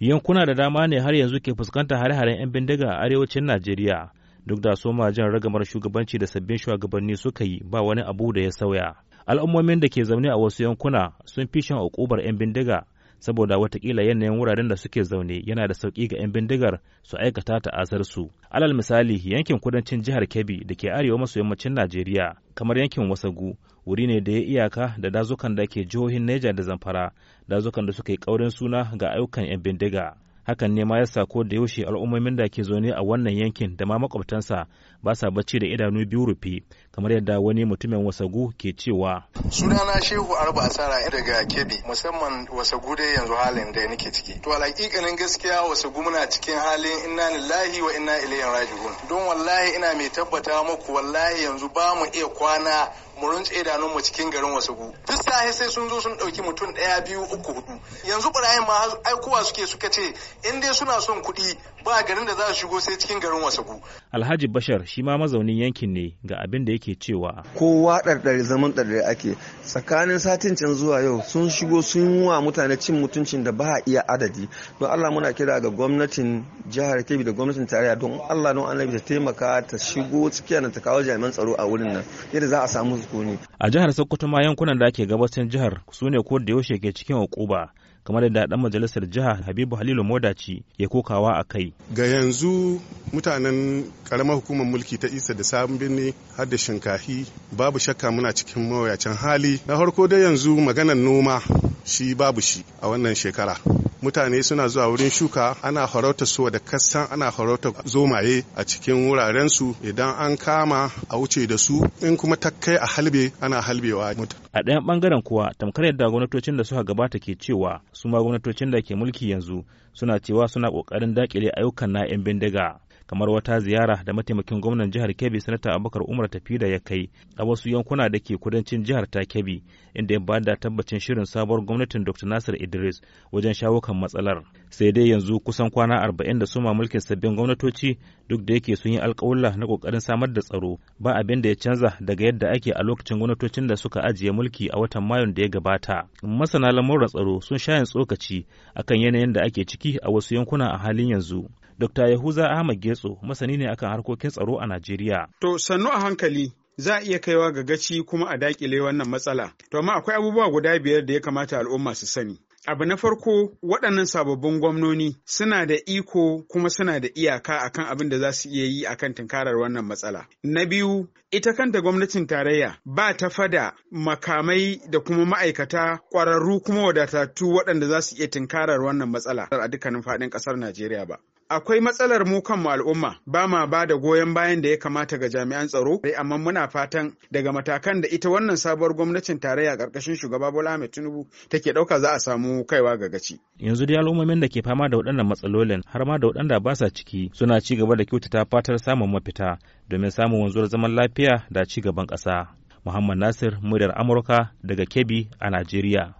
yankuna da dama ne har yanzu ke fuskantar hare-haren 'yan bindiga a arewacin najeriya duk da soma jan ragamar shugabanci da sabbin shugabanni suka yi ba wani abu da ya sauya al'ummomin da ke zaune a wasu yankuna sun fi shan ukubar 'yan bindiga saboda watakila yanayin wuraren da suke zaune yana da sauki ga 'yan bindigar su aikata ta'asar su alal misali yankin kudancin jihar kebbi da ke arewa maso yammacin najeriya kamar yankin wasagu wuri ne da ya iyaka da dazukan da ke jihohin neja da zamfara dazukan da suka yi ƙaurin suna ga ayyukan 'yan bindiga hakan ne ma ya sa da yaushe al'ummomin da ke zaune a wannan yankin da ma makwabtansa ba sa bacci da idanu biyu rufe kamar yadda wani mutumin wasagu ke cewa sunana shehu arba asara daga kebi musamman wasagu dai yanzu halin da nake ciki to alhakikanin gaskiya wasagu muna cikin halin inna lillahi wa inna ilaihi raji'un don wallahi ina mai tabbata muku wallahi yanzu ba mu iya kwana mu runtse idanun mu cikin garin wasagu. duk sai sai sun zo sun dauki mutum daya biyu uku hudu yanzu barayin ma aikowa suke suka ce in dai suna son kuɗi ba garin da za su shigo sai cikin garin wasagu. alhaji bashar shi ma mazaunin yankin ne ga abin da yake cewa kowa ɗarɗare zaman ɗarɗare ake tsakanin satin can zuwa yau sun shigo sun wa mutane cin mutuncin da ba a iya adadi don allah muna kira ga gwamnatin jihar kebbi da gwamnatin tarayya don allah don annabi ta taimaka ta shigo tsakiyar ta kawo jami'an tsaro a wurin nan yadda za a samu ne. a jihar sokoto ma yankunan da ake gabacin jihar su ne ko da yaushe ke cikin hukuma kamar da dan majalisar jihar habibu halilu modaci ya kokawa a kai ga yanzu mutanen karamar hukumar mulki ta isa da sabon birni har da shinkafi babu shakka muna cikin mawuyacin hali na farko dai yanzu maganar noma shi babu shi a wannan shekara mutane suna zuwa wurin shuka ana farauta suwa da kasan ana farauta zomaye a cikin wurarensu idan an kama a wuce da su in kuma ta kai a halbe ana halbewa mutu. a ɗayan ɓangaren kuwa tamkar yadda gwamnatocin da suka gabata ke cewa su ma gwamnatocin da ke mulki yanzu suna cewa suna ƙoƙarin daƙile ayyukan na 'yan bindiga kamar wata ziyara da mataimakin gwamnan jihar kebbi sanata abubakar umar tafida ya kai a wasu yankuna da ke kudancin jihar ta kebbi inda ya bada tabbacin shirin sabuwar gwamnatin dr nasir idris wajen shawo kan matsalar sai dai yanzu kusan kwana arba'in da suma mulkin sabbin gwamnatoci duk da yake sun yi alkawulla na kokarin samar da tsaro ba abin da ya canza daga yadda ake a lokacin gwamnatocin da suka ajiye mulki a watan mayun da ya gabata masana lamuran tsaro sun shayin tsokaci akan yanayin da ake ciki a wasu yankuna a halin yanzu Dr. Yahuza Ahmad Getso masani ne akan harkokin tsaro a Najeriya. To sannu a hankali za a iya kaiwa ga gaci kuma a dakile wannan matsala. To amma akwai abubuwa guda biyar da ya kamata al'umma su sani. Abu na farko waɗannan sababbin gwamnoni suna da iko kuma suna da iyaka akan abin da za su iya yi akan tunkarar wannan matsala. Na biyu ita kanta gwamnatin tarayya ba ta fada makamai da kuma ma'aikata ƙwararru kuma wadatattu waɗanda za su iya tunkarar wannan matsala a dukkanin faɗin ƙasar Najeriya ba. akwai matsalar mu kanmu al'umma ba ma ba da goyon bayan da ya kamata ga jami'an tsaro eh, amma muna fatan daga matakan da ita wannan sabuwar gwamnatin tarayya karkashin shugaba Bola Ahmed Tinubu take ɗauka za a samu kaiwa ga gaci yanzu dai al'ummomin da ke fama da waɗannan matsalolin har ma da waɗanda ba sa ciki suna ci gaba da kyautata fatar samun mafita domin samun wanzuwar zaman lafiya da ci gaban ƙasa Muhammad Nasir muryar Amurka daga Kebbi a Najeriya